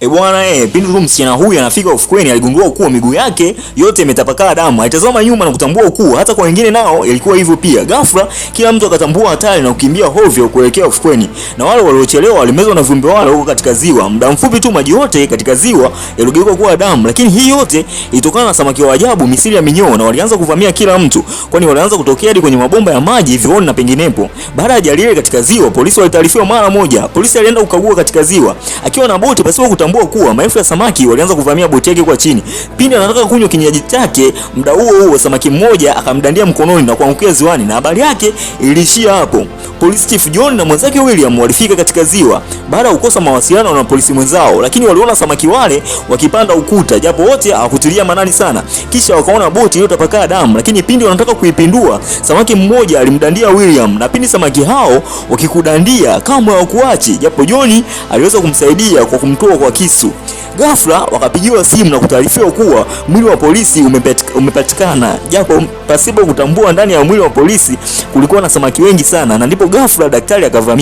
E bwana eh, pindi tu msichana huyu anafika ufukweni aligundua ukuu miguu yake yote imetapakaa damu. Alitazama nyuma na kutambua ukuu. Hata kwa wengine nao ilikuwa hivyo pia. Ghafla kila mtu akatambua hatari na kukimbia hovyo kuelekea ufukweni, na wale waliochelewa walimezwa na viumbe wale huko katika ziwa. Muda mfupi tu maji yote katika ziwa yaligeuka kuwa damu, lakini hii yote ilitokana na samaki wa ajabu, misili ya minyoo, na walianza kuvamia kila mtu, kwani walianza kutokea hadi kwenye mabomba ya maji, vioni na penginepo. Baada ya ajali katika ziwa, polisi walitaarifiwa mara moja. Polisi alienda kukagua katika ziwa akiwa na boti pasipo akitambua kuwa maelfu ya samaki walianza kuvamia boti yake kwa chini. Pindi anataka kunywa kinywaji chake, muda huo huo samaki mmoja akamdandia mkononi na kuangukia ziwani, na habari yake iliishia hapo. Polisi Chief John na mwenzake William walifika katika ziwa baada ya kukosa mawasiliano na polisi mwenzao, lakini waliona samaki wale wakipanda ukuta, japo wote hawakutilia manani sana. Kisha wakaona boti iliyotapakaa damu, lakini pindi wanataka kuipindua, samaki mmoja alimdandia William, na pindi samaki hao wakikudandia, kamwe hawakuachi, japo John aliweza kumsaidia kwa kumtoa kwa kisu. Ghafla wakapigiwa simu na kutaarifiwa kuwa mwili wa polisi umepatikana, japo pasipo kutambua ndani ya mwili wa polisi kulikuwa na samaki wengi sana, na ndipo ghafla daktari akavamia